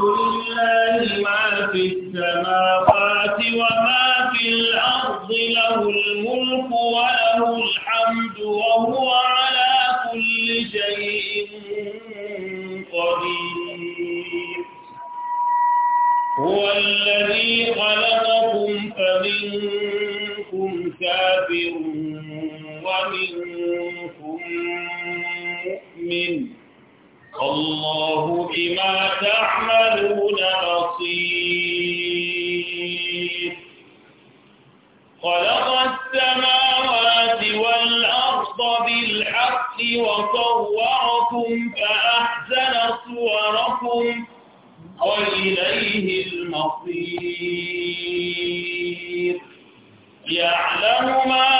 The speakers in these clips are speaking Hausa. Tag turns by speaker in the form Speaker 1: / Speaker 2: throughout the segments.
Speaker 1: لله ما في السماوات وما في الأرض له الملك وله الحمد وهو على كل شيء قدير هو الذي خلقكم فمنكم كافر ومنكم مؤمن
Speaker 2: والله بما
Speaker 1: تعملون بصير خلق السماوات والأرض بالحق وصوركم فأحسن صوركم وإليه المصير يعلم ما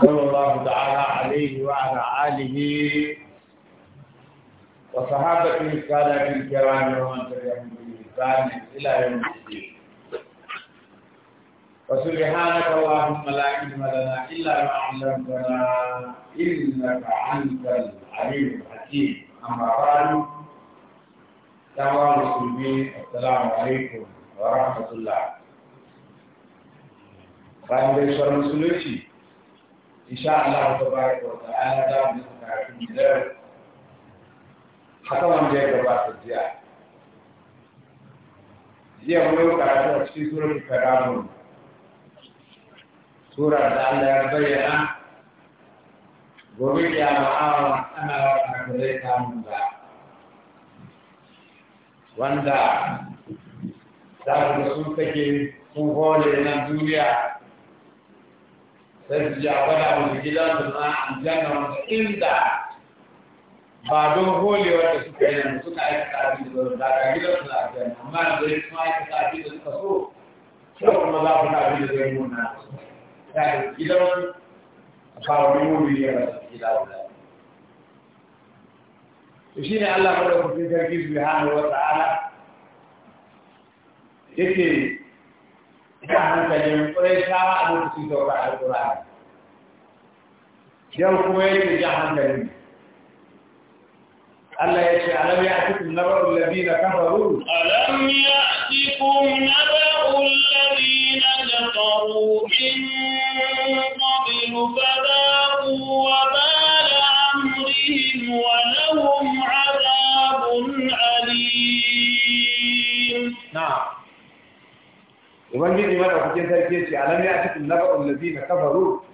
Speaker 2: صلى الله تعالى عليه وعلى آله وصحابته السادة الكرام ومن تبعهم بإحسان إلى يوم الدين وسبحانك اللهم لا علم لنا إلا ما علمتنا إنك أنت العليم الحكيم أما بعد كما المسلمين السلام عليكم ورحمة الله. Bayan gaisuwar musulunci, inshallah ta bari ko ta ala da mu ka kin da haka mun je ga ba ta jiya jiya mun ka ta ci suran karamu sura da Allah ya bayyana gobe ya ma ana ana ta kare ta mun da wanda da su take sun hole na duniya sai su ji a gwada musu gidansu na aljanna wanda inda ba don holewar da suka yi nan suka aikata abin da zai daga gidansu na aljanna amma kuma aikata
Speaker 1: abin da suka so kyau
Speaker 2: kuma za ku na abin da zai nuna ta gidan wuri ne gida to shi ne Allah madaukakin sarki subhanahu wa ta'ala yake da hankalin ƙuraishawa a lokacin saukar yau kuma yake jan hankalin Allah ya ce alam ya atikum naba'ul ladina kafaru
Speaker 1: alam ya atikum naba'ul na kafaru
Speaker 2: alam ya cikin naba'ul ladina kafaru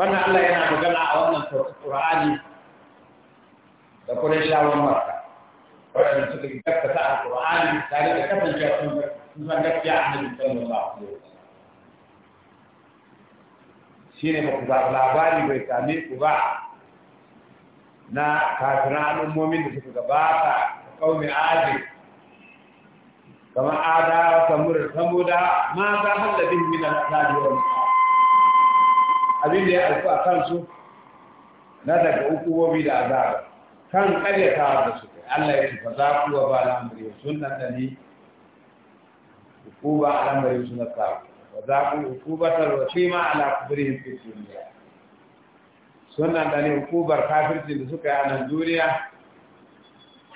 Speaker 2: wannan Allah yana magana a wannan Qur'ani da kuma Qurayshawan Makka waɗanda suka yi gaskata a Qur'ani tare da kasancewa sun san gaskiya a Annabi sallallahu alaihi wasallam shine ba ku ba labari bai same ku ba na kafiran mumin da suka gabata kaumin adil kama ada samur samuda ma za halla bin min al-azab wa abin da ya alku a kansu na daga hukumomi da azab kan kare ta da su Allah ya ce za ku wa ba al'amari sunnan da ni hukuba al'amari sunnan ta wa za ku hukubatar wasima ala kubrihim fi dunya sunnan da ni hukubar kafirci da suka yi a nan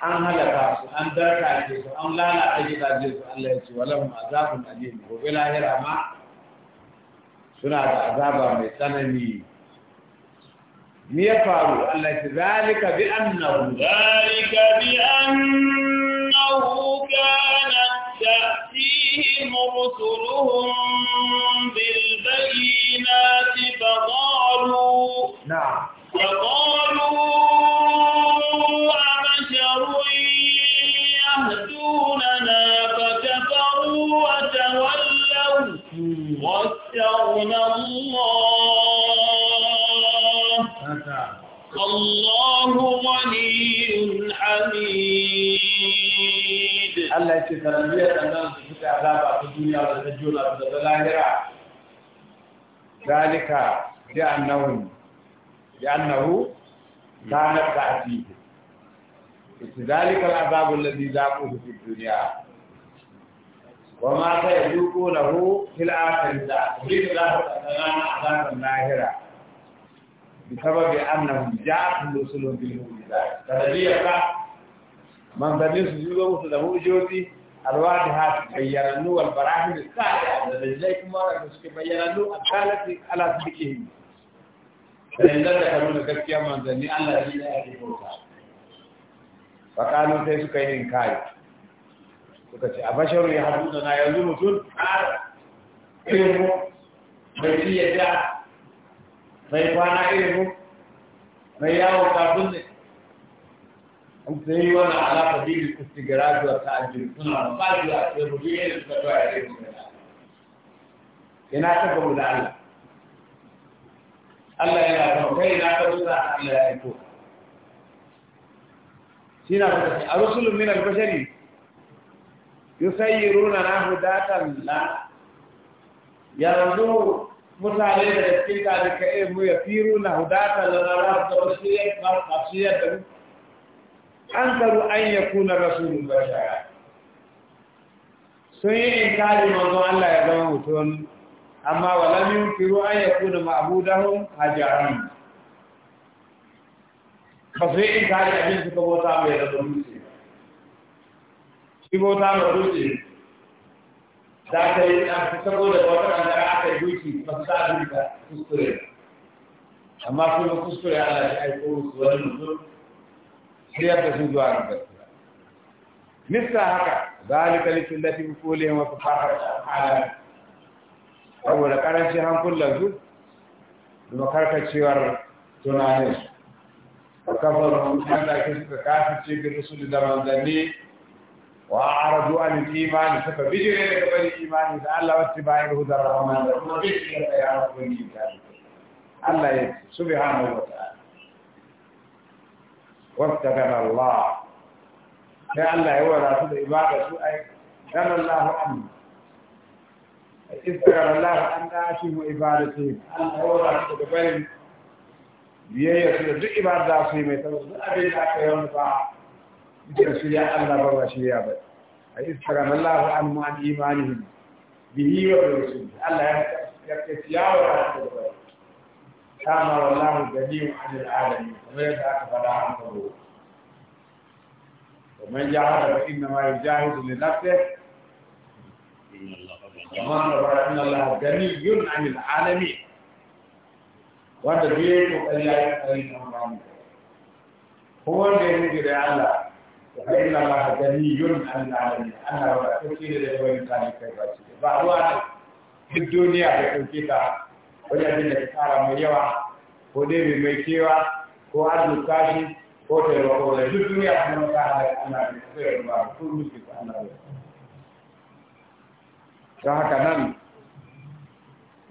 Speaker 2: an halaka su an darka ke su an lalata gidaje su Allah ya ce walahum azabun alim gobe lahira ma suna da azaba mai tsanani me ya faru Allah ya zalika
Speaker 1: bi annahu zalika bi annahu kana ta'tihim rusuluhum bil bayinati faqalu na'am faqalu ya ce sanadiyar nan su
Speaker 2: suka azaba ta duniya da ta jona da ta lahira dalika bi annahum bi annahu kanat ta'ti dalika al alladhi zaquhu fi dunya wa ma sayuqunahu fil akhirah bil azab al-lahira بسبب أنهم جاءت رسلهم بالمعجزات فالذي يقع manzannin su zuwa musu da hujjoji alwadi ha bayyanannu wal barahin sa'a da dalilai kuma da suke bayyanannu a kalati ala sidikihi
Speaker 1: dalilan da karu da gaskiya manzanni Allah ya
Speaker 2: yi ake bauta fakalu sai suka yi inkari suka ce a basharu ya haɗu da na yanzu mutum ƙara irin mu mai ci yadda mai kwana irin mai yawon kafin ne أمسيه وانا على قديم الكستيقرات والتعجيل صنع المقاضي لأسلم فيه إلي ستتوى عليهم من الله يناسكم لعلم الله يناسكم كي يناسكم لعلم الله يكون سينا فتحي أرسل من البشري يسيرون ناه داتا لا يرضو متعليم الاسكيكا لكي يفيرون ناه داتا لنا رفض وشيئة وشيئة ankaru an yakuna rasulun bashara sun yi inkari manzon Allah ya zama mutum amma walam yunkiru an yakuna ma'budahum hajaran ba su yi inkari abin suka bauta mai da dutse shi bauta mai dutse za ta yi a saboda bautar da aka yi dutse ba su sa abin da kuskure amma kuma kuskure ana da aiko wani mutum sai ya tafi zuwa ga gaskiya mista haka zalika lisallati bi kulihim wa fahar alam saboda karanci hankulan su da karkacewar tunanin su وكفروا أن كسب كافر شيء بالرسول دمان ذني وأعرضوا عن الإيمان فبجر قبل الإيمان فألا واتباع الهدى الرحمن الله يكفي سبحانه وتعالى وافتقر الله يا الله هو رسول عبادة سوء قال الله عنه استغفر الله أن أشم عبادته الله هو رسول بين بيه يسير دي عبادة سوء مثل أبي لك يوم فا يسير الله بابا شيابا استغفر الله عنه عن إيمانهم به وبرسوله الله يكتب يا رسول كما الله جميع عن العالمين ومن يدعك فلا عنده ومن جاهد فإنما يجاهد لنفسه ومن رأى أن الله جميع عن العالمين وهذا بيت وقال يا إبراهيم هو الذي يجد الله وإن الله جميع عن العالمين أنا رأى كثير لأبوين كان يكبر بعد وعد في الدنيا يكون كتاب wani abin da ka kara mai yawa ko dai mai kewa ko azurta kashi, ko taimako da duk duniya kuma ta hada ana da tsirin ba su musu ka ana da ta haka nan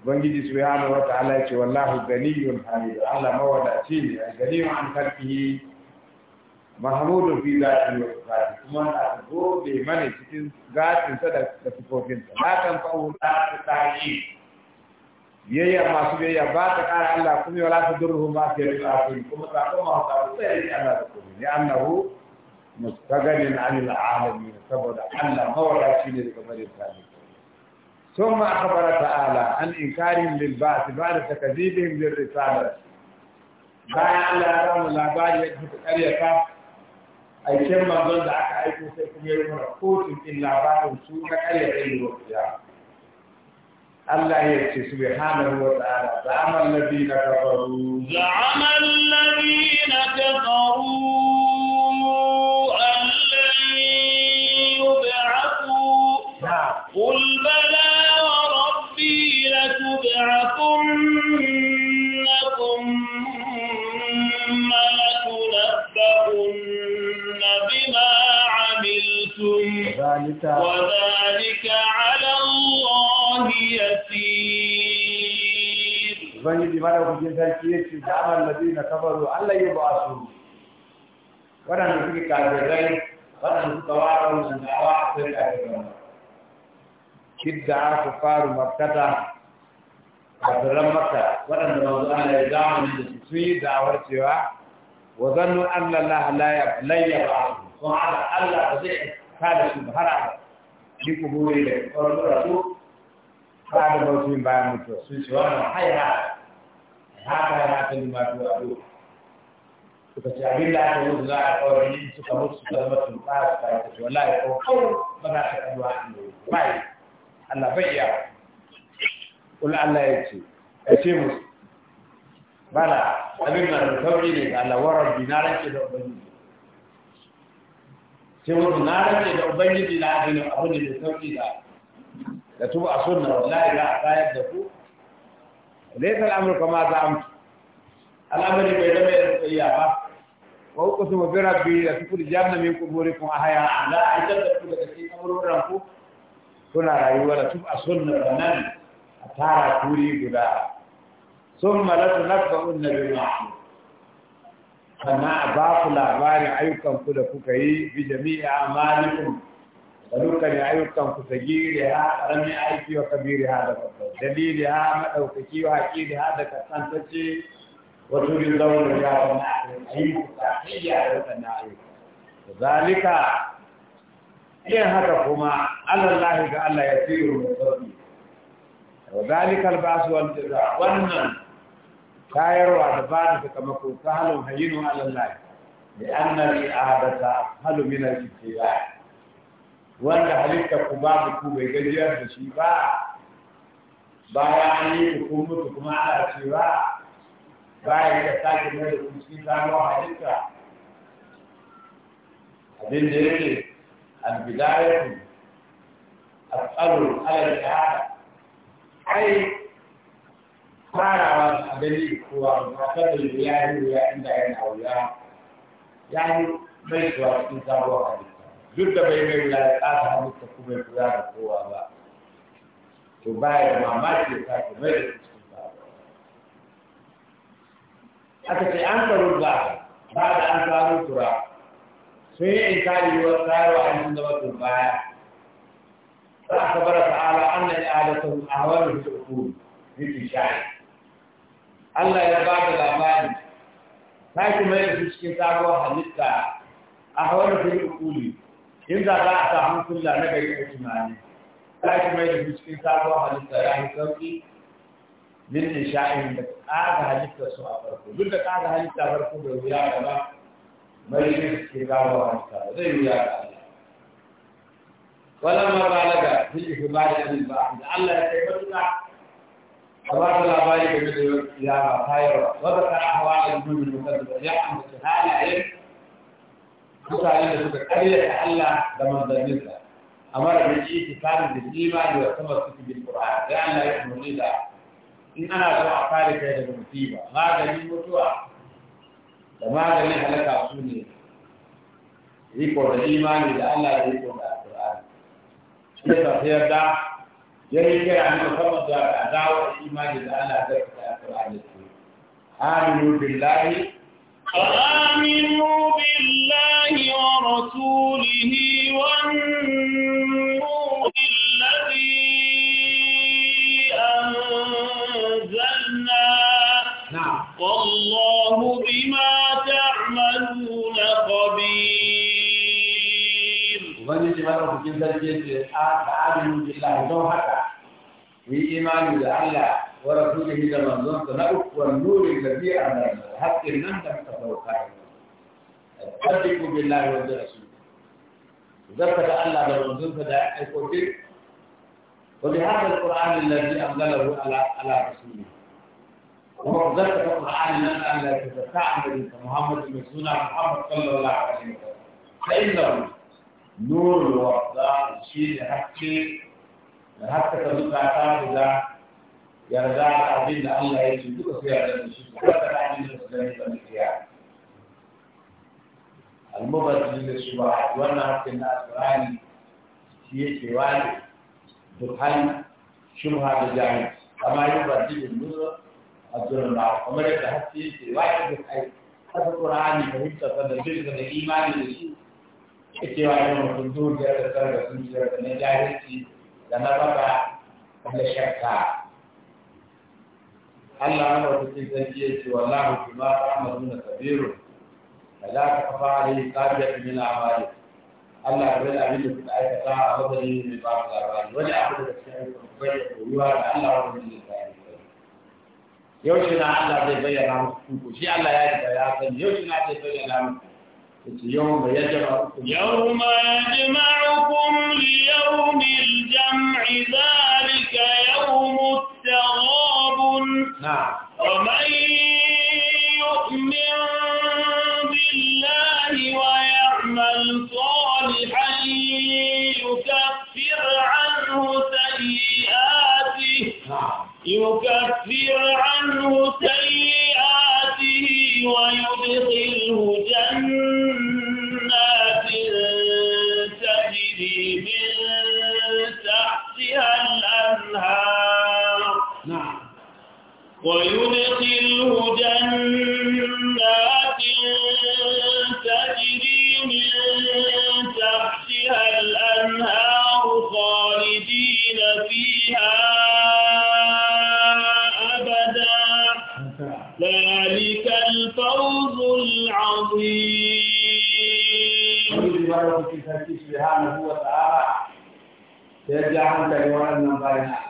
Speaker 2: ubangiji subhanahu wa ta'ala ya ce wallahu ganiyun hamid Allah mawadaci ne ganiyun an yi. Mahmudu fi zati wa sifati kuma na gobe mana cikin zatin sa da ta, la kan fa'u ta ta'yi biyayya masu biyayya ba ta ƙara Allah kuma wala ta durruhu ma fi al-akhir kuma ta kuma ta sai Allah ta kuma ya annahu mustaghanin anil alamin saboda Allah mawala shi ne daga bare tsani ثم أخبر تعالى عن إنكارهم للبعث بعد تكذيبهم للرسالة bayan Allah ya samu labari ya fita ƙaryata aikin manzon da aka aiko sai kuma ya yi mana kotun ɗin labarin su na ƙaryata yi wa الله يكفي سبحانه وتعالى
Speaker 1: زعم الذين كفروا زعم الذين كفروا أن لن يبعثوا نعم. قل بلى وربي لتبعثن ثم لتنبؤن بما عملتم وذلك على الله يسير ubangiji
Speaker 2: madaukakin sarki ya ce da amal ladina kafaru Allah ya ba su waɗanda suke kafirai waɗanda suka wara wannan dawa sai da kafirai kidda ku faru makkata kafiran makka waɗanda manzo Allah ya zamani da su yi da'awar cewa wa zannu Allah la la la ya ba sun Allah ba zai kada su har abada ni kuburi da ƙwarƙwarar su ba da bautin bayan mutuwa sun ce wannan haira haka ya ta lima tuwa do suka ce abin da aka wuce za a kawai yin suka mutu suka zama sun fara suka yi tafi wallahi ko kawai ba za ta kaduwa a ɗaya bai Allah bai iya kula Allah ya ce ya ce musu bala abin nan da sauri ne ga Allah warar na ke da ubangiji sai wani na rage da ubangiji na abin da sauri da da tuba a sunna wallahi za a tayar da ku laysa al-amru kama za'amtu
Speaker 1: al-amri bai zama
Speaker 2: ya tsaya ba wa uqsimu bi rabbi la tukhrijanna min quburikum ahya la ajabu daga cikin kaburburan ku kuna rayuwa da tuba a sunna nan a tara kuri guda summa la tunabbauna a ba labarin ayyukanku da kuka yi bi jami'a amalikum da dukkan ayyukan ku sagiri ha karamin aiki wa kabiri ha da babba dalili ha madaukaki wa ha da kasantacce wa turin zaunar yawon ayyuka
Speaker 1: ta hiyya
Speaker 2: da wadannan ayyuka zalika haka kuma alallahi ga Allah ya tsiru da sauki wa zalika albasu wal jaza wannan tayarwa da ba da sakamako ta halin hayinu alallahi da annari a hadata halu min al-ibtila wanda halitta ku babu ku bai gajiyar da shi ba bayan an yi ku mutu kuma ana cewa bayan da sake mai da ku cikin samun halitta abin da yake albidayatu asalu ala al-ihada ai farawa abin ko asalu al-ilahi ya inda yana wuya yani mai zuwa cikin samun halitta duk da bai mai wula ya ƙasa ta kuma ya kula da kowa ba to baya da mamaki ya sake mai da cikin ba aka ce an karu ba ba da an karu tura sun yi inkari wa tsaro an sun zama baya ta akabar ta'ala an na i'adatu ahwalu fi ukul fi sha'i Allah ya ba da labari ta ki mai da cikin sabuwar halitta a hawar ta ukuli in za za a samu sulla na gari a tunani za ki mai da cikin sabuwar halitta ya yi sauƙi min nisha'in da ƙaga halitta su a farko duk da ƙaga halitta farko da wuya da ba mai da cikin sabuwar halitta zai wuya da Allah ولما بالغ في الإخبار عن الباحث الله يتبرك
Speaker 1: أخبار الأبائي بمثل
Speaker 2: القيامة خيرا وذكر أحوال المؤمن المكذب يحمل هذا العلم mutane da suka karya Allah da manzanninsa amma da bai yi tsari da imani da kuma suke bin Qur'an sai Allah ya umarni da in ana so a kare kai daga musiba maganin mutuwa da maganin halaka su ne riko da imani da Allah da riko da Qur'an shi ta sayar da ya yi kira ne musamman da dawo da imani da Allah
Speaker 1: da Qur'an ne
Speaker 2: aminu billahi
Speaker 1: فآمنوا بالله ورسوله والنور الذي أنزلنا نعم. والله بما تعملون خبير وبنجي مرة آه،
Speaker 2: في كنزة الجيش آمنوا بالله دون حقا وإيمان ورسوله إلى منظومة نبك والنور الذي أمامنا حتى نندم تفوقها أتبقوا بالله وبرسوله ذكر الله بالمنظومة دائما يقول وبهذا القرآن الذي أنزله على على رسوله ومقدسة القرآن لنا لا تتعمل محمد بن سنة محمد صلى الله عليه وسلم فإنه نور وأفضل شيء حتى حتى تبقى تعبد yarda abin da Allah ya ce duka su yarda da shi
Speaker 1: ta da abin da su gani da mutiya
Speaker 2: almubazzir da shi ba wannan hakan na alqur'ani shi yake wani dukkan shubha da jahil amma yi bazzir nuna, a abdul ma'ruf kamar yadda haske yake wani da kai haka qur'ani fahimta ta da da imani da shi yake wani mutum dole ya da sun zuciyar da na jahilci da na baka da shakka الله أنا وتكين تنجي والله بما تعملون كبير فلا تخفى عليه تابعة من الأعمال الله أبدا أبدا في الآية تعالى أبدا من بعض الأعمال ولا أبدا تشعر في الفيح ويوارد الله أبدا من الفيح يوشنا الله أبدا يبين عنه سكوكو شيء الله يعني بياتني يوشنا أبدا يبين عنه يوم يجمعكم يوم
Speaker 1: يجمعكم ليوم الجمع ذا نعم ومن يؤمن بالله ويعمل صالحا يكفر عنه سيئاته نعم يكفر عنه سيئاته ويدخل ويدخله جنات تجري من تحتها الأنهار خالدين فيها أبدا ذلك الفوز العظيم
Speaker 2: سبحانه وتعالى يجعل كلمة من بينها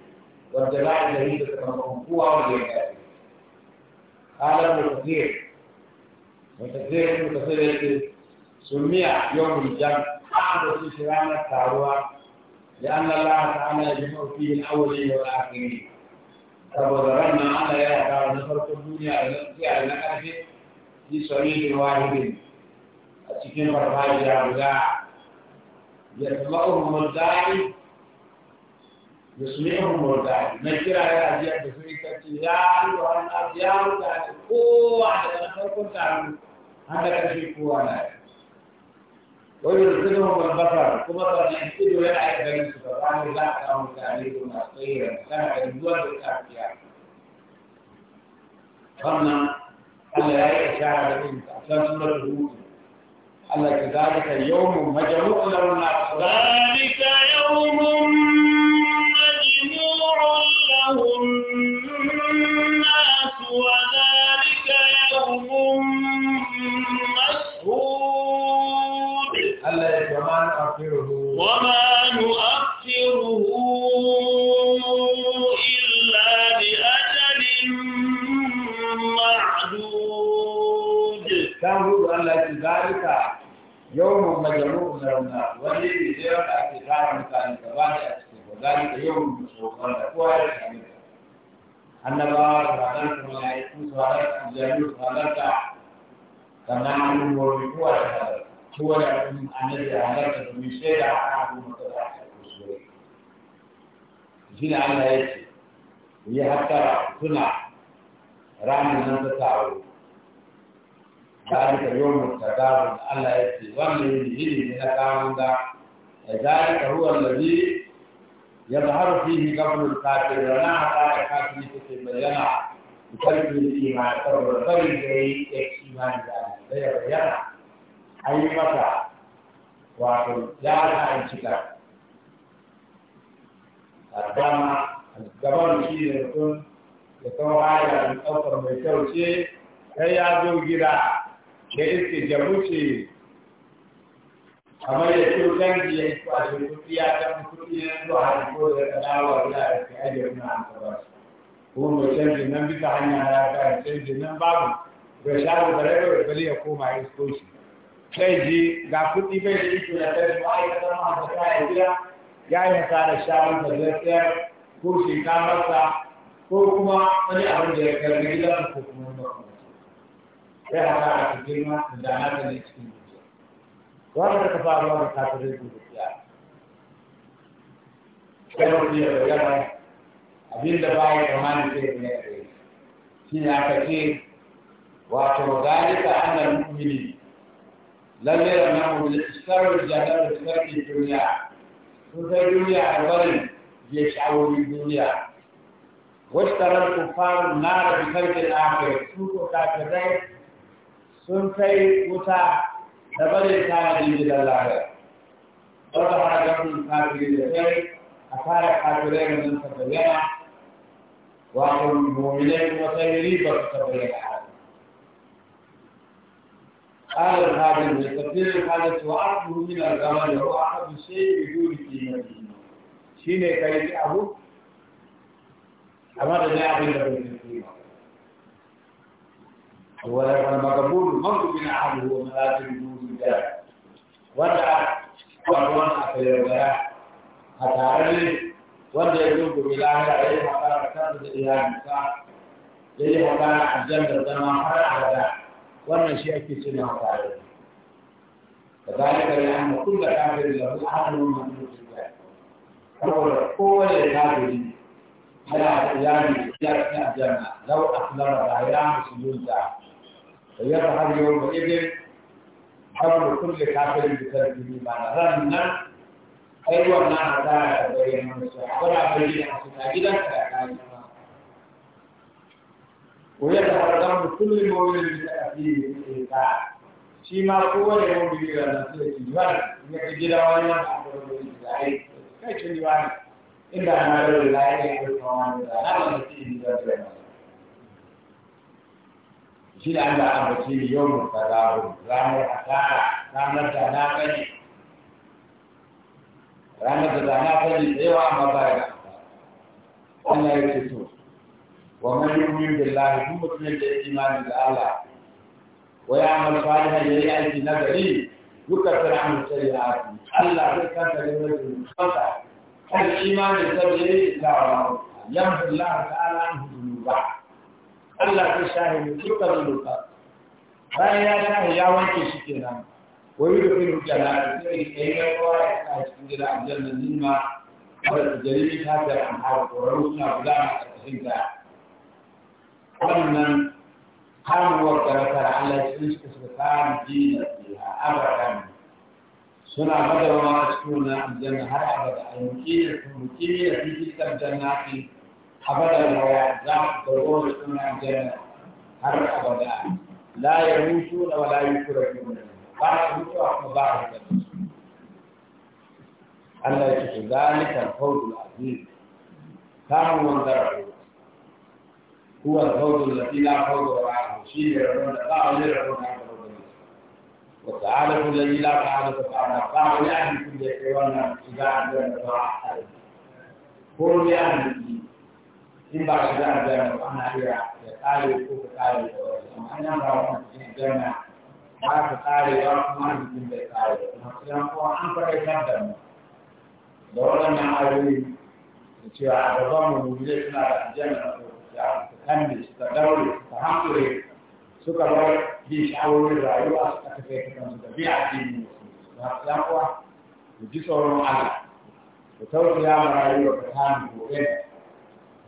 Speaker 2: والجماعة الجديدة كما مرفوعة واليمين هذا ابن كثير وكثير ابن كثير سمي يوم الجمع أحد في شرعنا التعروة لأن الله تعالى يجمع فيه الأولين والآخرين فبذرنا على يا دار نفرق الدنيا التي على الأرض في صعيد واحد أتكلم الراجع ولا يتبعهم الداعي يصلحهم ويرجعهم نكر على أجيال بفريقة تجاري وأن أبيار تعالى قوة على أن تكون تعالى عندك في قوة نائم ويرسلهم البصر كما قد يحسدوا يلعب بني سبحانه لا أنهم تعليم خيرا كان الجوع بالأبيار قمنا ألا يشعر الإنس أحسن سورة الهود ألا كذلك يوم مجموع
Speaker 1: له الناس ذلك يوم يتولاه الناس وذلك يوم مسهود وما نؤخره إلا لأجل معدود
Speaker 2: تنظر أن ذلك يوم مجموع من النار والذي يرى أكثر من كان ذلك يوم مسهود annabawa da ranar mala'iku su halarta jami'u su halarta sannan abubuwan kowa da halarta da abin annabi da halarta domin shaida a abubuwan da za a kusa da shi ne Allah ya ce yi hattara suna ranar nan ta taro ذلك يوم التغابن الله يأتي ومن يهدي من الغابن ذلك هو الذي يظهر فيه قبل الكافر ولا عطاء الكافر في بيانا بقلب الإيمان فالرسول جاي إيمان ذلك غير بيانا أي متى وعطل لا لا انشكا الدم الزمان الشيء يكون يكون غاية من أفر من كل شيء جدا كيف تجمعشي kamar da su dangi ya isu a cikin kuɗi ya san kuɗi na zuwa ko da kalawa da ake ajiyar na amsa ko mai canji nan bisa hanya ya ga canji nan babu ga shago da rai da ya koma ya isko sai ji ga kuɗi bai da iso da kai ba ya san a da kai gida ya yi hasarar shagon da zai ko shi ka masa ko kuma wani abin da ya karbi gidan ko kuma ba sai haka a cikin ma da na da cikin wanda ka fa Allah da ta kafirin da ya kai wani ya bayyana abin da ba ya kamani sai ne shi ne aka ce wato zalika annal mu'mini lalle da na mu'mini sarri jadar da sarki duniya sun sai duniya a barin ya sha'awori duniya wasu tarar faru na da sarki da aka yi su ko kafirai sun kai wuta تبري كان جيد الله ورفع جمع الكافرين الخير أثار الكافرين من تبين من المؤمنين وسيري فتبين قال الخادم لتفسير الحادث وأخذه من الغمل هو أحد الشيء بدون قيمته شيء كيف أبوه أما رجع في القيمة ولكن المقبول مرض من أحد هو ملازم da wanda kwarwan a kayyarwaya a tare ne wanda ya zo gobe lahira ya yi haƙara kansa da iyalinsa ya yi haƙara a jandar zama har abada wannan shi ake ce na haƙara كذلك لأن كل كافر له أحد من مخلوق الله فهو قوة كافر على أيام الجنة لو أخبر أيام سجود فيظهر يومئذ kawai da kafirin da sarki ne ba ran nan kai wannan hasara da bayyana musu a wani bayyana su na
Speaker 1: gidan ka ya kayi ma
Speaker 2: wani da harkar da mawuyin da aka fi da shi ma kowane mawuyi da na su yi ba ya ka gida wani wani abubuwan da ya yi, kai shi ne inda na da lafiya da kuma wani da na da mutum da zai shi da Allah an bace ni yau mun kazabu ranar asara ranar da na kai ranar da na kai da yawa amma ba ya Allah ya ce to wa man yu'min billahi duk mutumin da ya imani da Allah wa ya amal ya yi aiki na gari duka fir'aun shari'a Allah zai kanta da mutum tsaka kan imani da yayi da Allah yamdu Allah ta'ala an hudu ba Allah zai shahi ne duka zuluka bayan ya shahi ya wanke shi kenan wai da fi rubuta na alƙari da yi rawa ya sa cikin gida a jannan nima wadda jariri ta da an hawa ƙwararru suna gudana a ƙarƙashin ta wannan kamuwar karakar Allah cikin suka suka samu jina fiha abadan
Speaker 1: suna madawama a cikin wannan aljanna
Speaker 2: har abada a yankin da kuma kimiyyar fifikar jannatin أبدا ويعزع ضرور السنة الجنة هر أبدا لا يموتون ولا يشركون بعد موتوا مبارك الله يشهد ذلك الفوز العظيم كانوا من ضربه هو الفوز الذي لا فوز بعده شيء يرون بعض يرون وتعالى الذي لا تعالى تعالى قال لأهل كل حيوان إذا أنزلنا فأحسن قل لأهل in ba ka zama jami'a ba ana iya ya tsare ko ka tsare da wani amma ina ba wani cikin jami'a ba ka tsare ba kuma jikin bai tsare ba kuma sai kuma an fara kan da mu da wannan ayoyi da cewa a gaban mu mu zai suna da aljanna ko ya kanne ta daure ta hankure suka bar bi shawarar rayuwa suka tafi ta kansu da bi addini ba sai kuma ji tsoron Allah da tausaya ma rayuwa ta hannu gobe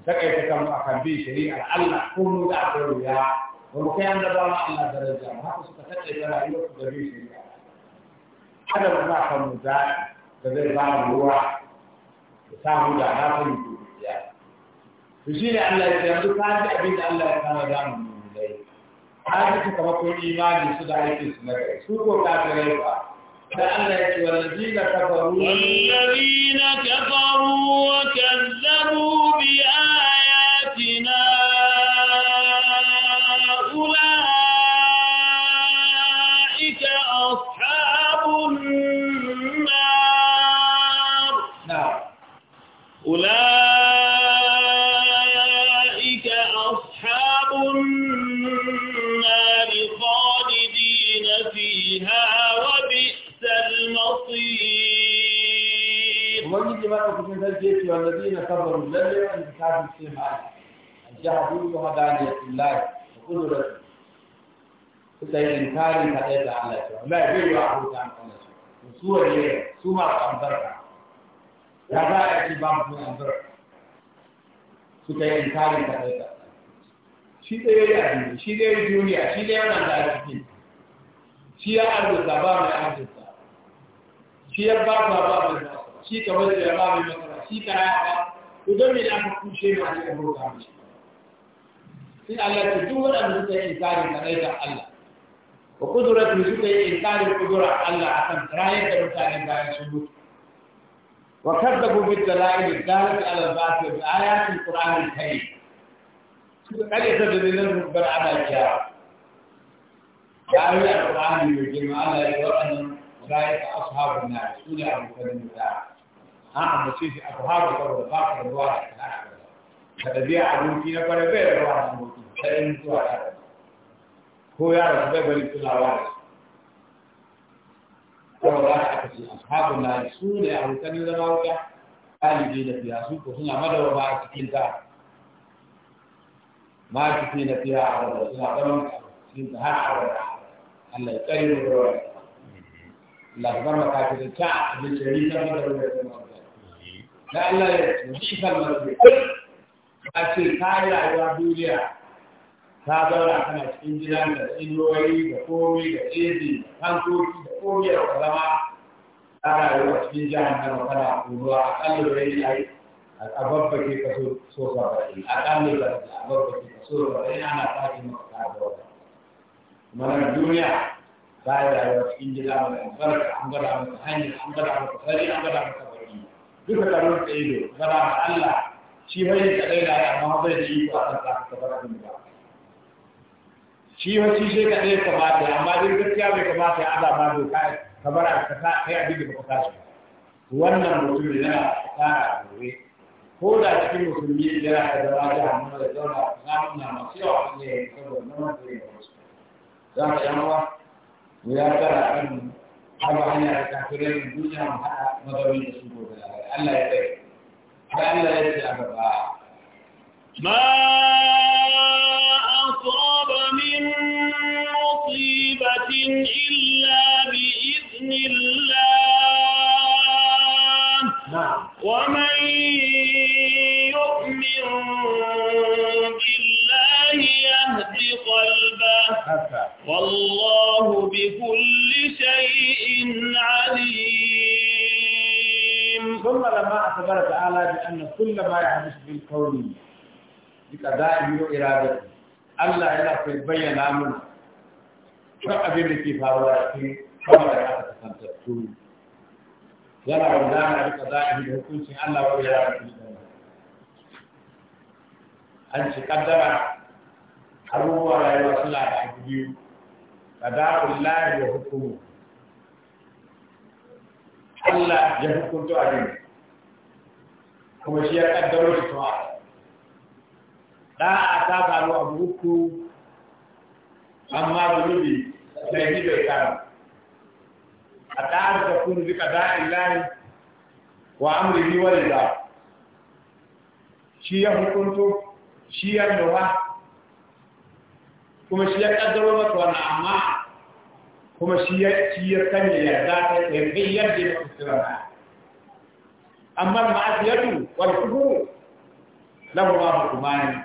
Speaker 2: تكيف كم أكبي شريعة الله كل ذا كريا ومكان ذا الله درجة هذا سكتة كلا يوسف جري شريعة هذا ما كم ذا كذا ما هو سامو ذا هذا من كريا فشيل الله يجعل كان أبيد الله كان ذا من ذي هذا كما كفروا
Speaker 1: وكذبوا ب نجيت والذين
Speaker 2: كفروا لم يكن كافر شيء معنا جحدوا وهدانية الله وقدرته حتى إنكار حديث على الله ما يبيع عبود عن الله وسوى ليه سوى أنبرك هذا اعتبار من أنبرك سكي إنكار حديث عن shi شيء ya duniya شيء ɗaya duniya شيء ɗaya wannan شيء arziki shi ya arzuta ba شيء arzuta shi ya ba ba ba mai shi kamar da ya اسی طرح اگر ادھر میں جا کر پوچھے والے کا ہوگا پھر اللہ کی دور اب ہوتا ہے انکار کرے گا اللہ وہ قدرت میں ہوتا ہے انکار قدرت اللہ اپن کرائے کر ہوتا ہے انکار ثبوت وكذبوا بالدلائل الدالة على الباطل بآيات القرآن الكريم. قال يتدل لنا ربنا على الجار. قالوا يا القرآن يجمع على الأرض أولئك أصحاب النار. سوريا عن كلمة an ambace shi a buhari saboda ba ka da ruwa da kana ka da biya abinci na kwarai bai da ruwa da mutu sai in zuwa ya rasu ko ya rasu bai bari kulawa da shi saboda haka aka ce ashabun na su ne a rukani zama wuta ɗalibi da fiya su ko suna madawa ba a cikin ta ma cikin na fiya a rabu suna zaman cikin ta har a rabu Allah ya tsare mu da ruwa Allah ya bar maka da ta abin shari'a da ruwa da da Allah ya yi kalmar da a ce ta yi rayuwa duniya ta zauna kana cikin gidan da tsinuwoyi da komi da ezi da hankoki da komi da kalama ta rayuwa cikin jahannama kana kuruwa a kallo da yi a babbake kaso so saba'in a kallo da a babbake kaso saba'in ana ta sake maka ta zauna mana duniya ta yi rayuwa cikin gidan da albarka an gwada maka hanyar an gwada maka sari an gwada maka duka da ruwan tsaye ido, zama da Allah shi bai da kadai da amma bai da iko a kan ka bar abin ba. shi ba shi sai kadai kamata amma dai gaskiya bai kamata ya azaba doka ka bar ka sa kai abin da ka tashi wannan mutum yana tsara gobe ko da cikin musulmi da ya da zama da hannu da zauna namun na masu yawa ne saboda naman da ya wasu za ka yawa mu ya tsara kan haka hanya da kafirai duniya mu haɗa mazauni da su gobe da Allah ya rai da Allah
Speaker 1: ya ce a gaba ma asaba min musibatin illa bi idnillah wa man yu'min billahi yahdi qalbah والله بكل شيء عليم ثم لما أخبر تعالى بأن كل
Speaker 2: ما يحدث في الكون بقضائه وإرادته الله إلا في البيان آمنا فأبي بكي فاواتي كما لا يحدث أن تكون yana gudana da kaza'i da hukuncin Allah wa ya rabu an ci kaddara abubuwa rayuwa suna da abu biyu qada'ullahi wa hukumuhu Allah ya hukunta abin kuma shi ya ƙaddaro shi tuwa da a ta faru a buku amma zunubi yi bai kara a ta da kun zika da'in lahi wa amri wa rida shi ya hukunta, shi ya nufa kuma shi ya kaddaro tuwa na amma kuma shi ya ci ya sanya yarda ta tsirrai yadda ya kusura na amma ma'asiyatu wal kufur lahu ma hukumani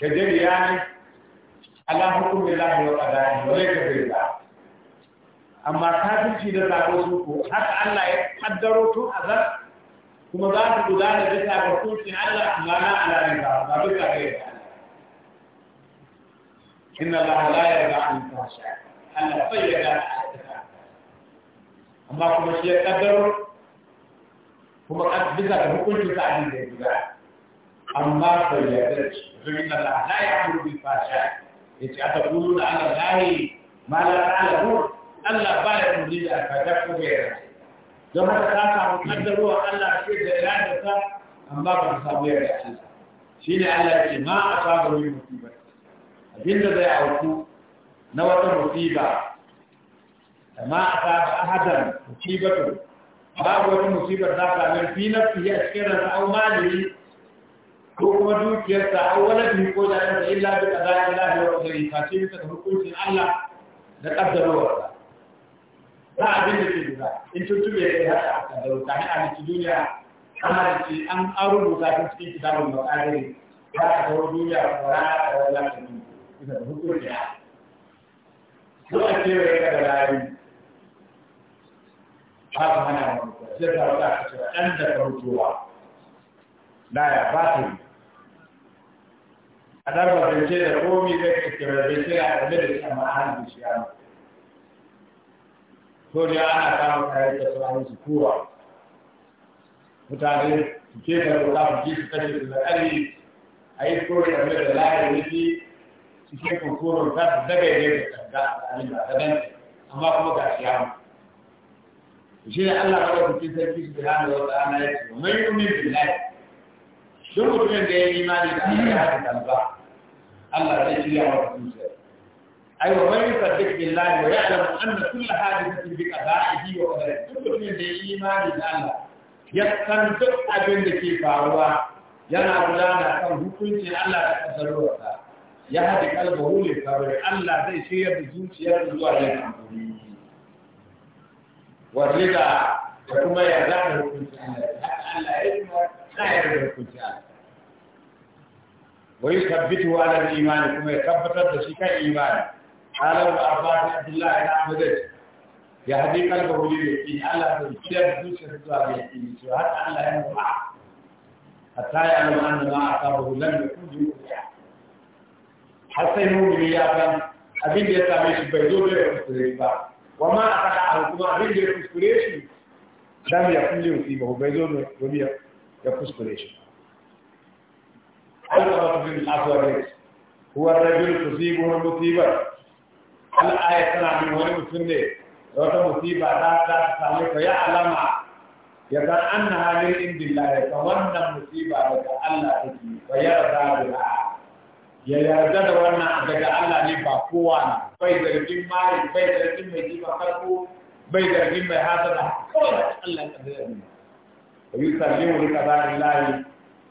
Speaker 2: kajariyani ala hukumi lahi wa qadari wa laysa bil amma kafirci da zabo su ko haka Allah ya kaddaro tun azab kuma za su gudana bisa ga hukuncin Allah amma na ala rida ba bisa ga yarda inna Allah la yarda an tasha Allah fayyada amma kuma shi ya kaddaro kuma bisa da hukuncin sa abin da ya guda amma fayyada shi zuri na la la ya amuru bil fasha yace aka kulu na Allah lahi ma la ta'lamu Allah ba ya umri da alfata ko gaira don haka ka samu kaddaro Allah ce da iradarsa amma ba ka samu yarda shi ne Allah ya ce ma asabu min musibat abinda zai auku na wata musiba ma a saba ahadan musibatu babu wata musibar za ta mai fi nafsi a cikin rasa au malihi ko kuma dukiyarsa au wani ko da yansa illa bi kaza ya lahi wa kadari ka ce bisa ga hukuncin Allah da kaddarowar ba abin da ke lura in tuntube ya kai haka a kaddaro ta hanyar halittu duniya da halittu an an rubuta ta cikin kitabun makaririn Ba a kawo duniya ko rana da wani lafiya Ita ga hukuncin Allah zuwa cewa ka da rari ba su hana wani zai ta wata ka ce ɗan da karutuwa na ya ba ta yi a ɗan ba zai ce da komi zai ka kewaye ce a ɗan da shi amma an da shi ana ko da ana kama kayan da su an su kowa mutane su ke da wata su ji su kashe su da ƙari a yi kore da mai da lahiyar yake suke kokoron za su daga yadda da sanda a tsarin ba daban amma kuma ga shi yawon shi ne Allah ba da cikin sarki su da wa ta'ala ya ce mai yumin billahi duk mutumin da ya yi imani da Allah ya haɗa tamba Allah zai shirya wa su sai ai wa mai yusaddiq billahi wa ya'lamu anna kullu hadithatin bi qada'ihi wa qadarihi duk mutumin da ya yi imani da Allah ya san duk abin da ke faruwa yana gudana kan hukuncin Allah da kasarowarsa ya haɗe kalbahu ne kawai Allah zai shiryar da zuciyar zuwa yin amfani wanda da kuma yarda da hukunci Allah
Speaker 1: Allah ya yi na yarda da hukunci Allah
Speaker 2: wa yuthabbitu ala al-iman kuma ya tabbatar da shi kan imani halar abbas abdullah ibn ahmad ya haɗe kalbahu ne in Allah zai shiryar da zuciyar zuwa yin amfani to har Allah ya nuna hatta ya nuna annabawa akabahu lam yakun yu'min حسين مولى يابن أبين ديتا ميش بيدوبة وتريبا وما أتاك أهوكما أبين ديتا كسكوليش دام يكون لي وفيما هو بيدوبة ومية يكسكوليش هل ما تفيد الأفضل ليس هو الرجل تصيب هو المصيبة هل آية سنة من هو المسنة لو تمصيبة لا تتعلم فيعلم يتأنها من عند الله فظن المصيبة لك ألا تجي فيرضى بها ya yarda da wannan daga Allah ne ba kowa ne bai zargin mari bai zargin mai jiba farko bai zargin mai hasada kawai da Allah ya kaddara ne wa yusallimu li qada'i Allah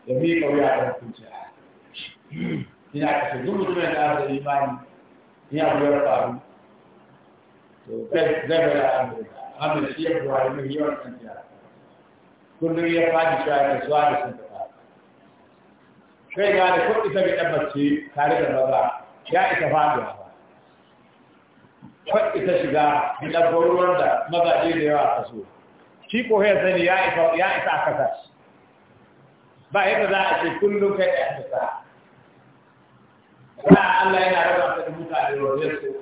Speaker 2: ya bi kauya da hukunci ina kace duk mutumin da aka yi imani ina goyar faru to kai zai da amurka amma shi ya buwa ne yawan kan kullum ya fadi shi da zuwa da sai ga da kuɗi ta ga mace tare da maza ya isa faɗuwa ba kuɗi ta shiga da ɗabbar ruwan da mazaje da yawa a kaso shi ko ya sani ya isa a kasa ba yadda za a ce kullum kai ɗaya da sa ba Allah yana raba ta da mutane rojar su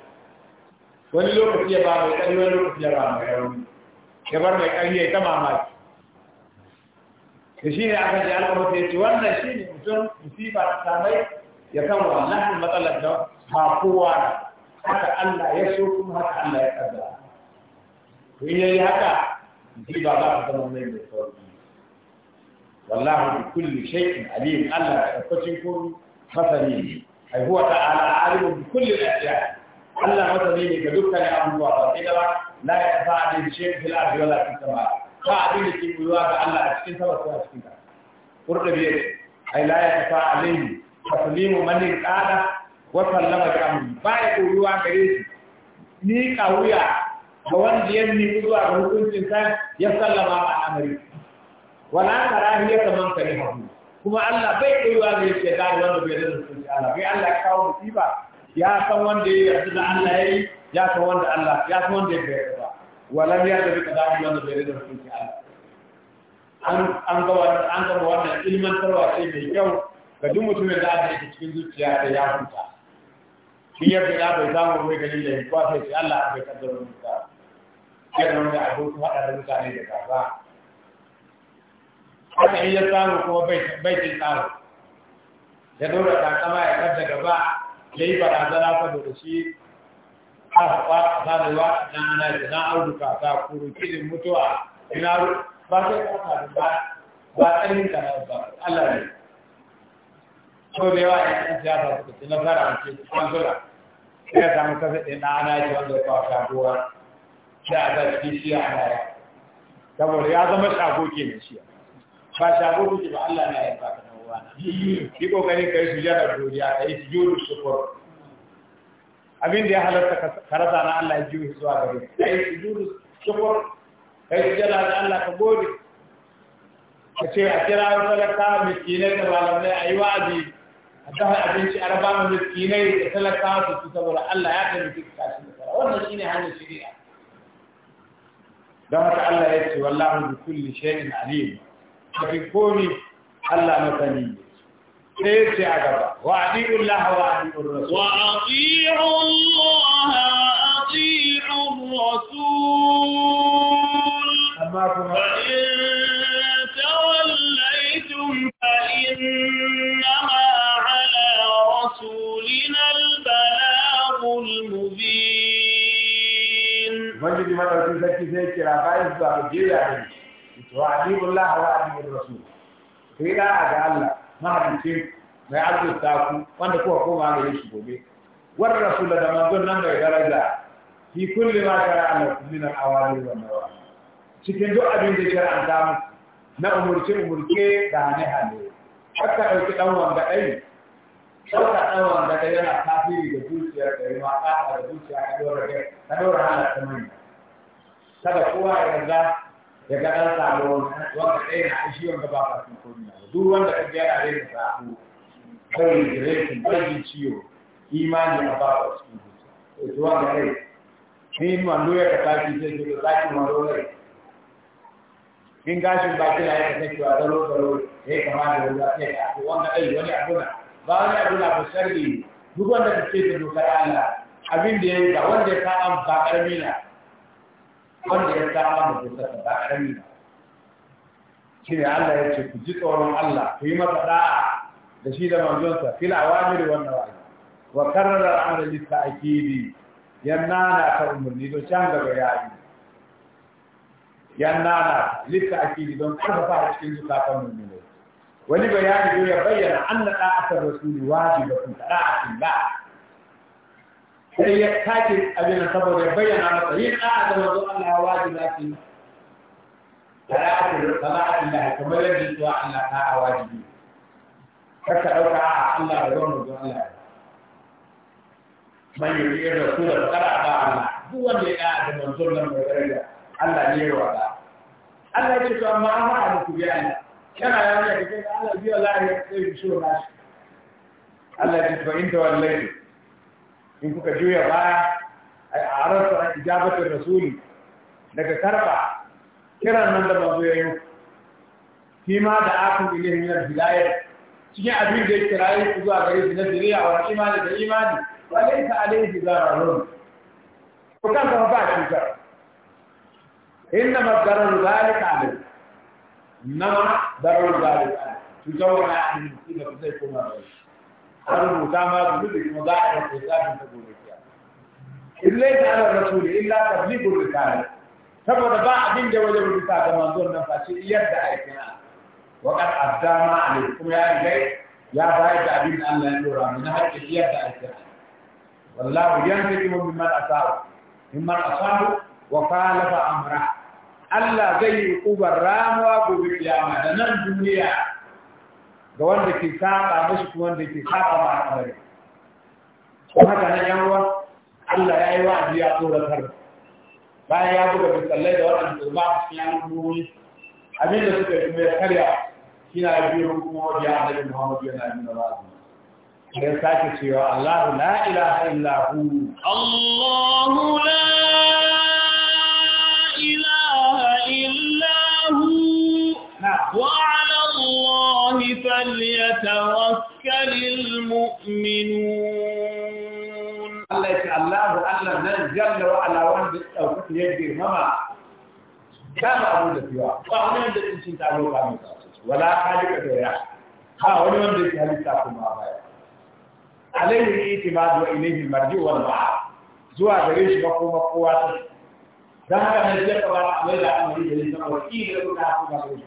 Speaker 2: wani lokaci ya ba mai ƙarfi wani lokaci ya ba mai rauni ya bar mai ƙarfi ya ta mamaki da shi ne aka ji alƙawar ya ce wannan shi ne mutum musiba ta samai ya kama wannan matsalar da ba kowa haka Allah ya so kuma haka Allah ya kaddara to in yayi haka musiba ba ta zama mai mai sauki wallahu bi kulli shay'in alim Allah ya tabbacin komai masani ne ai huwa ta'ala alimun bi kulli al-ashya Allah masani ne ga dukkan abubuwa ba sai da ba la ya fa'a bi shay'in fil ardi wala fis sama'i ba abin da ke buyuwa ga Allah a cikin sabar ko a cikin ka qurtubi ai la fa alayhi taslimu man qada wata lama bi amri ba ya buyuwa ga shi ni wuya ga wanda ya ni zuwa ga hukuncin sa ya sallama a amri wala ka man karihahu kuma Allah bai buyuwa gare shi da wanda bai da hukuncin Allah bai Allah kawo musiba ya san wanda ya yi yarda da Allah yi, ya san wanda Allah ya san wanda ya yarda walam ya da bika da Allah bai da hukunci Allah an an ga wannan an ga wannan ilman tarwa ce mai kyau ga duk mutumin da aka yi cikin zuciya da ya huta shi ya bi bai zamu mai gani da ko sai shi Allah bai kaddara mu ta kada mun ga abu ko hada da mutane da kaza haka in ya samu kuma bai bai tsaro Ya dora ta kama ya kaddara gaba Ya yi barazana fa da shi ba ba da wa na na da na arzuka ta kuru kidin mutuwa ina ba sai ka ka ba ba tsarin ka ba Allah ne to da yawa ya tsaya ba su na fara ce an zura sai ka samu kasa din na na ji wanda ba ka duwa ta ga shi ana ya saboda ya zama shago ke ne shi ba shago ke ba Allah ne ya baka na uwa na yi kokari kai su jara a yi su juru shukuru abin da ya halarta ka rasa na Allah ya juyi zuwa gare ka kai sujudu shukr kai sujada da Allah ka gode ka ce a kira wa talaka miskinai da malamai a yi wa'azi a dafa abinci a raba ma miskinai da talaka su ci saboda Allah ya taimaki ka shi nasara wannan shine hanyar shari'a don haka Allah ya ce wallahu bi kulli shay'in alim kafin komi Allah masani ne sai ya ce a gaba wa adi'u Allah wa adi'u Rasul biyu ya ne to adibullah wa adibur rasul ku yi da'a ga mai arzuta ku wanda kuka koma ga shi gobe war rasul da manzon nan mai daraja fi kulli ma shara'a lakum min al-awamir wa nawahi cikin duk abin da shar'anta muku na umurce umurce da hane hane haka ɗauki ɗan wanda ɗai ɗauka ɗan wanda ɗai yana tasiri da zuciyar da yi ma da zuciya ka ɗora ka ɗora hana ta manya kada kowa ya yarda daga ɗan samu wanda ɗaya na shi wanda ba ka sun komi na duk wanda ka ga yana rai da sa'u kawai jirekin bajin ciwo imani a ba ka cikin zuciya zuwa wanda rai ne yi ma ya ka tafi zai zo da zaki wando rai in gashin ke na yaka ka wa zaro zaro ya kama da wanda ya ka wanda ɗai wani abuna ba wani abuna ba sharri duk wanda ka ce ta dokar Allah abin da ya yi ga wanda ya ka an ba ƙarfi na wanda ya dama mu bisa da kari ba shi ne Allah ya ce ku ji tsoron Allah ku yi masa da'a da shi da manzonsa fil awamir wan nawahi wa karrara lissa a kiri Yan yannana ta umarni don can gaba ya yi lissa a kiri don karfafa a cikin zukatan mu'mini wani bayani ne ya bayyana anna da'atar rasuli wajibatun cikin da'a sai ya take abin da saboda bayyana masa yin a'a da manzo Allah wajiba ce sala'atul sala'atul lahi kamar yadda cewa Allah ta'a wajibi kaka dauka a'a Allah da ruwan manzo Allah man yi yin rasulun tsara ba Allah duk wanda ya da'a da manzo Allah mai daraja Allah ne ya wada Allah ya ce to amma an haɗa muku biya Allah kana yawo da kai Allah biya Allah ya tsaye shi Allah ya ce fa in tawallaytu in kuka juya baya a arasa a ijabatar rasuli daga karba kiran nan da mazo ya yi fi ma da akun ilahi min al-hidayah cikin abin da ya kira ku zuwa gare shi na a wani imani da imani wa laysa alayhi zararun ko kan ka ba shi ka inna madarar zalika alayhi nama darar zalika to zauna a cikin da zai koma da shi
Speaker 1: an rubuta ma zunubi kuma za a
Speaker 2: yi zafin ta gobe kiya in laisa ala rasuli illa tablighu risala saboda ba abin da wajen rubuta ga manzon nan face yadda aikin Allah wa qad addama alai kuma ya riga ya bayar da abin da Allah ya dora mu na hakkin yadda aikin Allah wallahu yantaqimu mimman asaa mimman asaa wa khalafa amra Allah zai yi kubar ramuwa gobe kiyama da nan duniya ga wanda ke saba mashi kuma wanda ke saba ma al'amari kuma haka nan yan ruwa Allah ya yi wa abu ya tsoratar bayan ya buga misalai da waɗanda ba su cikin yanar ruhuni abinda suka yi mai karya kina biyu hukumomi ya annabi Muhammadu yana nuna wa'azi ya sake cewa Allahu la ilaha illa hu
Speaker 1: Allahu la يتوكل المؤمنون الله يتعلم الله من
Speaker 2: جل وعلا وند أو يجري مما كما أقول لك يا فهنا عند الإنسان تعلم عن ولا خالق غيره ها هو من ذي هل تقوم عليه الاعتماد وإليه المرجع والمعاد زوا غريش مقوم قوات ذهب من الجبر على الأمر الذي سمى وكيل لك أحكم عليه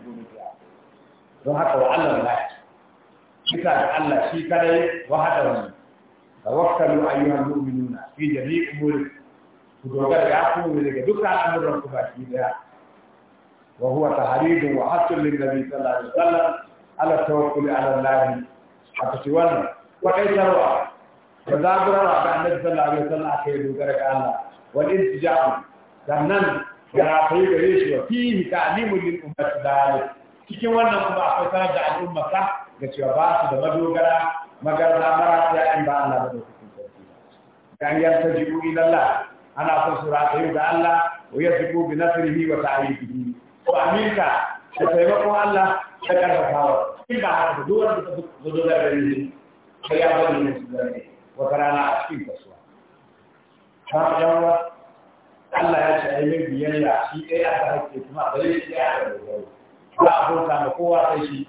Speaker 2: don haka wa Allah ba ya bisa ga Allah shi kadai wahadahu tawakkalu ayyuhal mu'minuna fi jami'i umuri ku dogara ya ku ne daga dukkan al'amuran ku baki daya wa huwa tahridun wa hasun lin nabi sallallahu alaihi wasallam ala tawakkuli ala Allah haka ci wannan wa kwadaitarwa da zaburarwa ga annabi sallallahu alaihi wasallam aka yi dogara ga Allah wal intijabu sannan ya kai gare shi wa fihi ta'limun lil ummati dalil cikin wannan kuma akwai sanar da al'umma ka ga cewa ba su da madogara magana mara ta in ba Allah ba da cikin sarki da an yarta jibu ilallah ana son su ratayu da Allah wa yasibu bi nasrihi wa ta'idihi ko aminka da taimakon Allah da karfafawa in ba haka duk wanda ta madogara da ni sai ya bani ne su zane wata rana a cikin kasuwa ta yawa Allah ya ce ayyukan biyayya shi ɗaya a ta hakki kuma a bari shi ya a da ba a bauta ma kowa sai shi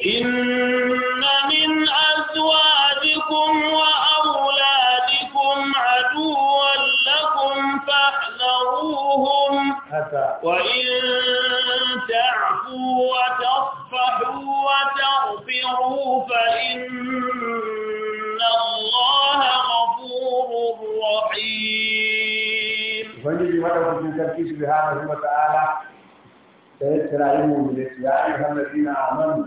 Speaker 1: إن من أزواجكم وأولادكم عدوا لكم فاحذروهم وإن تعفوا وتصفحوا وتغفروا فإن الله غفور رحيم.
Speaker 2: فنجي مرة في سبحانه وتعالى سيسرع المؤمنين يا أيها الذين آمنوا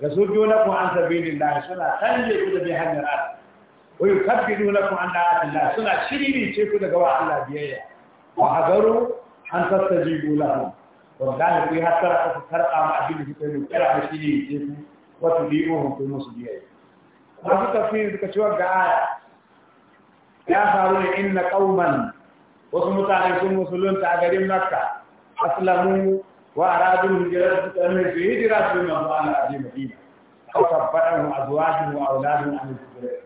Speaker 2: da su ji wani kuwa an zabi suna canje ku da bi hanyar ala wai kafi ne wani suna shiriri ce ku daga wa Allah biyayya ko a an tasta ji gula ku har tara ku karba ma abin kuke ne kira da shiriri ce ku wato bi mu hukun musu biyayya kuma su suka ci wa ga aya ya faru na inna qauman wasu mutane sun musulunta a garin makka aslamu وأرادوا الهجرة تتمر في هجرة من مطلع في مدينة أو كبرهم أزواجهم وأولادهم عن الهجرة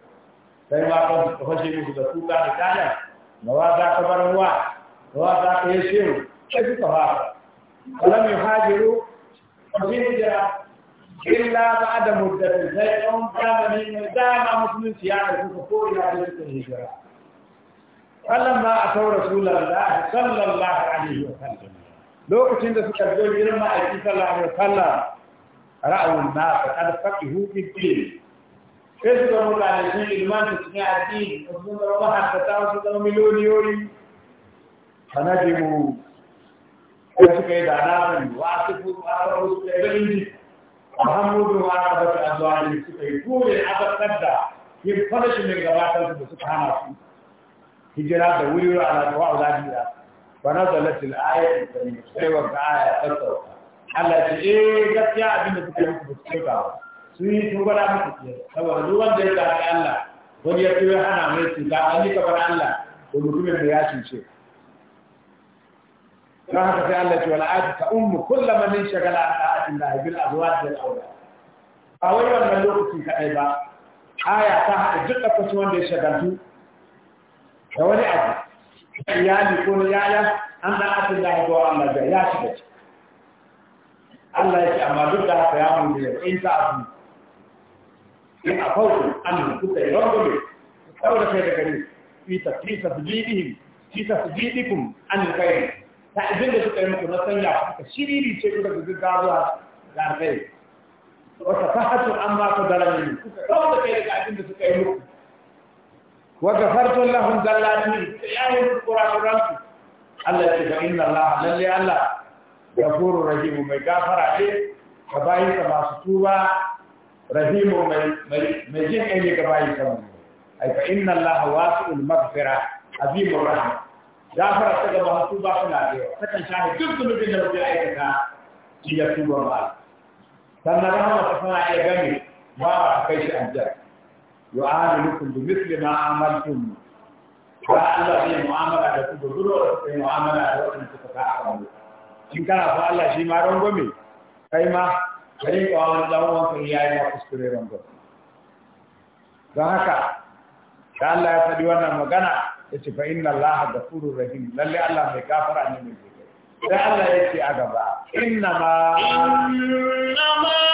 Speaker 2: فإما قد تخشي في سكوكا بتاعنا نوازا كبروا نوازا كيشيروا كيف تفاقوا فلم يهاجروا وفي هجرة إلا بعد مدة زيتهم كان من دائما مسلم سياسة كفور إلى تلك الهجرة فلما أتوا رسول الله صلى الله عليه وسلم lokacin da suka zo girma a cikin sallallahu alaihi wasallam ra'awun na ta kada faqihu fi din sai su ga mutane sun ilman su cikin addini sun zama ta wasu
Speaker 1: zama miliyoniyoyi mu sai
Speaker 2: suka yi da namun wa su fusu a rahu su kai balin muhammadu wa a bata su suka yi a abatar da yin fadashin gabatar su da suka hana su hijira da wuri a rayuwa a lafiya Wani asalancin aiki da mutuwa ya gabata. Allah ya ce e gaskiya abinda ka taimaka mutuwa ce ka hau. ka fara Allah. Wani duhu ne ya abin lokacin kaɗai ba. A ya saha a cika da ya shagatu da wani aiki. iyali ko ni yaya an da ake da ko Allah da ya shiga ciki Allah ya ce amma duk da haka ya mun da in ta abu in a fauku an kuka yi rangume da kai da gari fi tafisa bijihim fi tasjidikum an kai ta abin da suka yi muku na sanya kuka shiriri ce ku gudu gazuwa da alkai wata fahatu an ba ku dalilin kuka kawo da kai da abin da suka yi muku وغفرت لهم ذلاتي يا القرآن رمتي الله فإن الله للي الله غفور رحيم ما غفر عليه كباي كما ستوبا رحيم ما جن أي كباي كما أي فإن الله واسع المغفرة عظيم الرحمة غفر تكبا ستوبا كنا ديو فكان شاهد جبت من بين الرجاء كنا ليتوب الله سنرى ما تفعل أي غني ما كيش أنجاك yu'amilukum bi misli ma amaltum ba Allah zai mu'amala da ku gudu da ku mu'amala da wannan suka ka amalu in kana fa Allah shi ma rangwame kai ma kai ka wani dan uwan ka ya yi kuskure rangwame don haka da Allah ya faɗi wannan magana ya ce fa inna Allah ghafurur rahim lalle Allah mai gafara ne mai sai Allah ya ce a gaba inna
Speaker 1: ma inna ma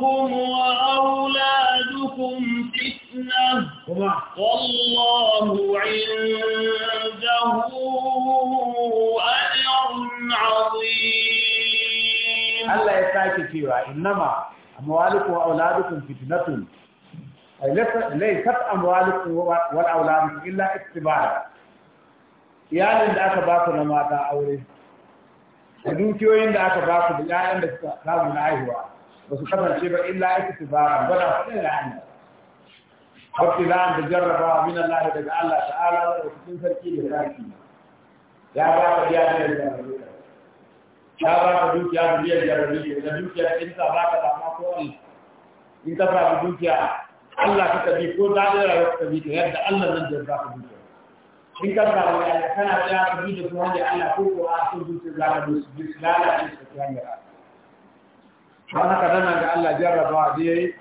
Speaker 1: أموالكم وأولادكم فتنة والله عنده أجر عظيم الله
Speaker 2: يساك فيها إنما أموالكم وأولادكم فتنة ليست أموالكم والأولادكم إلا اتباعا iyalin da aka ba su na mata aure da dukiyoyin da aka ba su da 'ya'yan da suka samu na haihuwa ba su kasance ba illa ita su ba gwada kuɗin la'ani wafi la'an da jarraba min Allah daga Allah ta'ala da cikin sarki da sarki ya ba ka biya da jarrabe ya ba ka dukiya da biyan jarrabe da dukiya in ta ba ka dama ko Allah in ta ba dukiya Allah ka tabi ko da ya rayu ka bi ta yadda Allah nan da ba ka dukiya in ka ba wani kana da ka bi da su hanyar Allah ko ko a sun dukiya da su bi lalata su ta hanyar فانا قد انا ان الله جرب وعديه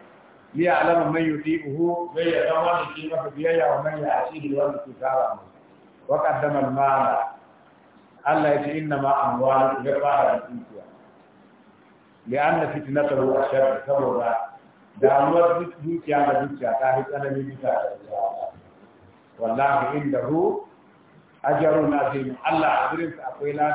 Speaker 2: ليعلم من يطيعه ويعلم من يطيعه ويعلم من يعصيه ويعلم من وقدم المال الله يقول انما اموال جبار الانسان لان فتنته اشد سببا دعوات دوتيا دوتيا تاهي انا من والله عنده اجر عظيم الله عبرت اقوى لا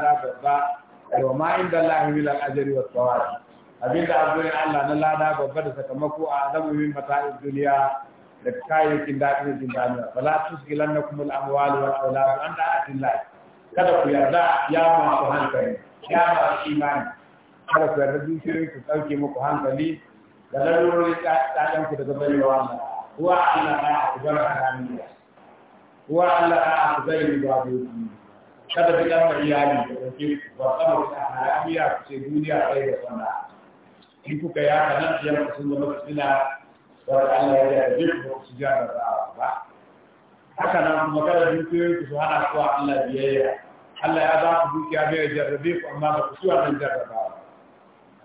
Speaker 2: ذا وما عند الله من الاجر والثواب abin da azurin Allah na lada babba da sakamako a adamu min mata'in duniya da kayayyakin daɗin jin duniya tus gilan na kuma al'amwali wal auladu an da atin lai kada ku yarda ya masu hankali ya masu imani kada ku yarda dukiyoyin ku ɗauke muku hankali da lalurorin ɗaɗen ku daga barewa Allah huwa Allah ya ku bar hananiya huwa Allah ya ku bari ba doki kada ku ɗan iyali da ɗauke ku ba sama ta ɗan ce duniya ɗaya da sana'a in kuka ya kana ya sun zama fitina wa Allah ya yarda ku su a ba haka nan kuma kada dukiyoyin ku su hana ku Allah biyayya Allah ya ba ku dukiya bai jarrabe ku amma ba ku suwa nan jarraba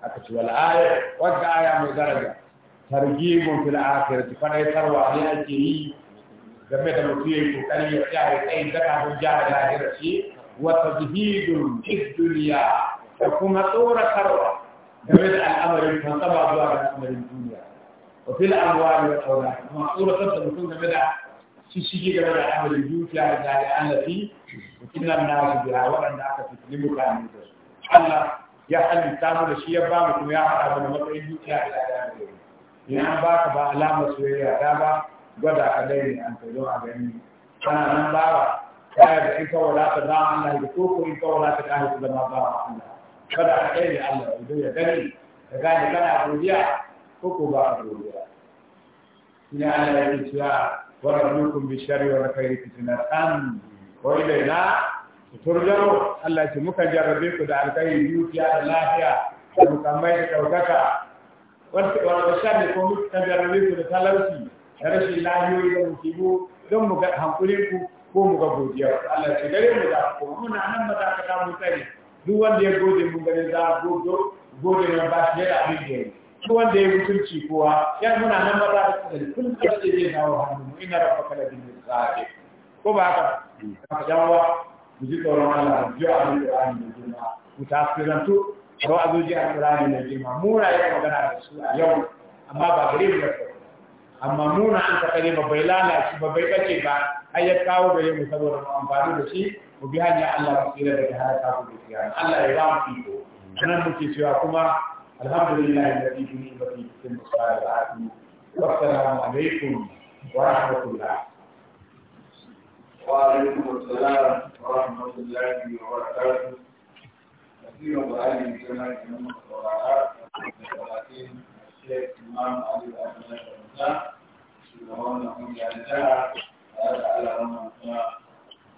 Speaker 2: aka ce wala aya wadda aya mai daraja targibun fil akhirati fa dai tarwa ne ake yi game da mutum yayi kokari ya tsaya ya tsayi da kafin jihar lahira shi wa tazhidun fid duniya da kuma tsora tarwa جبت الأمر من طبع دوار الأمر الدنيا وفي الأموال والأولاد معقولة قد تكون جبت في شيء جبت الأمر الدنيا يعني أنا فيه وكنا الناس بها وأنا أعرف في لمكة أما يا حل تامر الشيء بام يا حل أبو نمط إيجو كلا كلا يا أبا كبا ألام سويا أبا جدا كلامي أنت لو أبني أنا نبأ كأي إنسان ولا تدعى أنا يتوكل إنسان ولا تدعى أنا kada a kai da Allah idan ya gani ka gane kana godiya ko ko ba godiya ina Allah ya ce wa rabbukum bi sharri wa khairi fitnatan wa ilayna turjaro Allah ce muka jarrabe ku da alkai dukiya da lafiya da mukammai da daukaka wanda sharri ko muka jarrabe ku da talauci da rashin lahiyoyi da musibu don mu ga hankulinku ko mu ga godiya Allah ce gare mu da ku muna nan ba za ka samu tsari duk wanda ya gode mun gane za a godo gode na ba shi da abin da ya yi duk wanda ya mutunci kuwa ya muna nan ba za a tsare kun da ce zai dawo hannu mu ina rafa kala rabbaka za a ce ko ba haka mm. ka jawo mu ji tsoron Allah ji abin da an na juna mu ta a tafsirantu ko a alqur'ani na jima mu yi magana da su a yau amma ba gare mu ba amma muna an ta kare ba bai lalace ba bai bace ba ai ya kawo gare mu saboda mu amfani da shi ku bi hanya Allah ku tsira daga halaka ku da kiyama Allah ya ba mu iko nan muke cewa kuma alhamdulillah alladhi bi ni'mati tatimmu salatu wa assalamu alaikum wa rahmatullah wa alaikum assalam wa rahmatullahi wa barakatuh كثير من أهل الجماعة من الصلاة والصلاتين الشيخ الإمام علي بن عبد الله بن سلمان بن عبد الله على على رمضان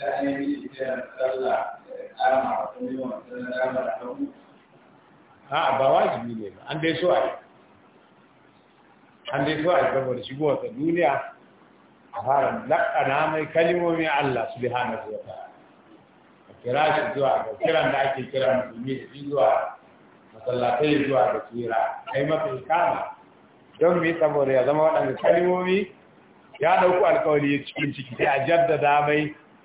Speaker 2: a a'a ba wajibi ne ba an dai so a yi an dai so a yi shigo wata duniya a laƙana mai kalimomin Allah su bi hana su wata a kira shi zuwa ga kiran da ake kira musulmi da shi zuwa masallatai zuwa da tsira kai mafi kama don saboda ya zama waɗanda kalimomi ya ɗauku alkawari cikin ciki sai a jaddada mai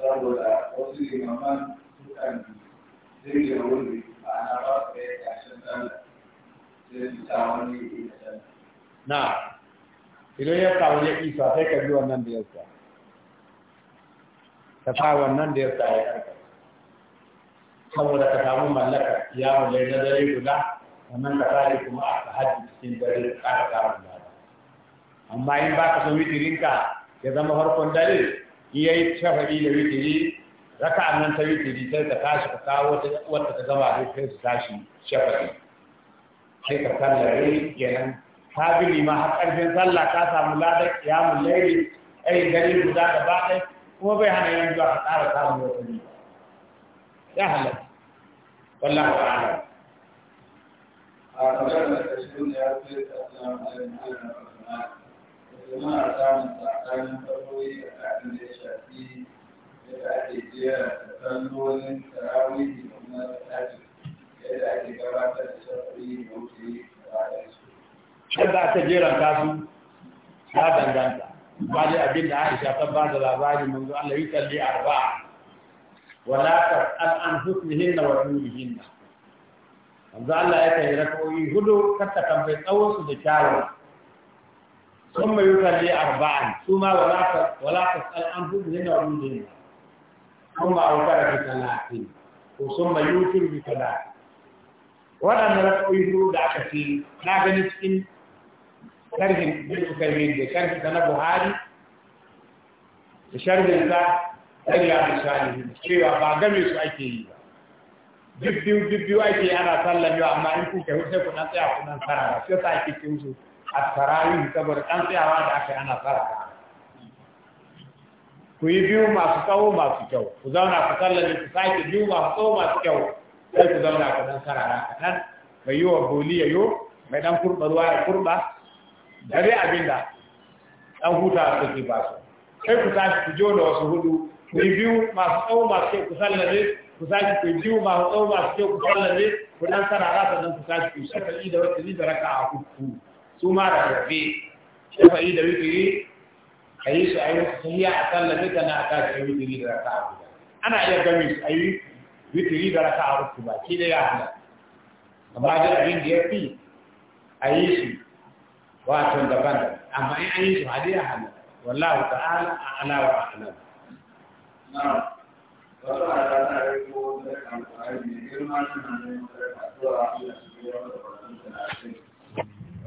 Speaker 2: saboda wasu limaman sukan zirge wuri ba na ba su da ya kashin sallah sai su sa wani ya iya sallah. Na, idan ya sa wani ya isa sai ka bi wannan da ya sa. Ka sa wannan da ya sa ya karka. Saboda ka samu mallaka ya mulai na dare guda, wannan ka sa kuma a ka hajji cikin dare ƙara ƙara guda. Amma in ba ka son witirinka ya zama farkon dare, yayi shahari da witiri raka'a nan ta witiri sai ka tashi ka kawo wata ta gama sai ka tashi shahari sai ka sallare kenan ka bi ma har karfin sallah ka samu ladar kiyamun laili irin gari guda da ɗaya kuma bai hana yanzu a ƙara samun wata ne ya halatta wallahu ta'ala a kamar da ya ce ya ce muna samun tsakanin farori a kafin da ya shafi yadda ake jera da tsallolin tarawihi da kuma tsaji yadda ake gabatar da shafi da wuce da yadda aka jeran kasu ya danganta ba dai abin da aisha ta ba da labarin manzo Allah yi kalli arba'a wala ta an an hukmihin na wa ruhihin na manzo Allah ya kai rakawoyi hudu katta tambayi tsawon su da kyawun sun mai arba'an su ma wala tasal an hudu yana wani ne sun ma aukara bi ko sun mai yutur bi talatin waɗannan rakoyi hudu da aka fi na gani cikin sharhin bin ukaimi da sharhi da na buhari da sharhin sa ɗariya da shalihin cewa ba game su akeyi ba duk biyu duk biyu ake ana sallamewa amma in kuka yi sai ku tsaya ku ɗan sarara sai ta ake kin a tarawih saboda ɗan tsayawa da aka ana tsara da ku yi biyu masu tsawo masu kyau ku zauna ku sallame ku sake biyu masu tsawo masu kyau sai ku zauna ku dan sarara kaɗan mai yi wa boli ya yo mai dan kurɓa ruwa ya kurɓa dare abin da ɗan huta da ke ba su sai ku tashi ku da wasu hudu ku yi biyu masu tsawo masu kyau ku sallame ku sake ku yi biyu masu tsawo masu kyau ku sallame ku dan sarara sannan ku tashi ku shakali da wata ni da raka a uku su ma da rabbi shafa'i da witiri a yi su a yi wasu sahiya a sallame ta na a tashi a witiri da raka a guda ana iya gami su a yi witiri da raka a uku ba ki da ya hana amma da abin da ya fi a yi su wato daban da amma in an yi su hadi ya hana wallahu ta'ala a alawa a alawa. Na, wasu a da ta
Speaker 1: rikon da kan tsari ne, girma suna da yin tsari a zuwa a cikin yawon da ba su da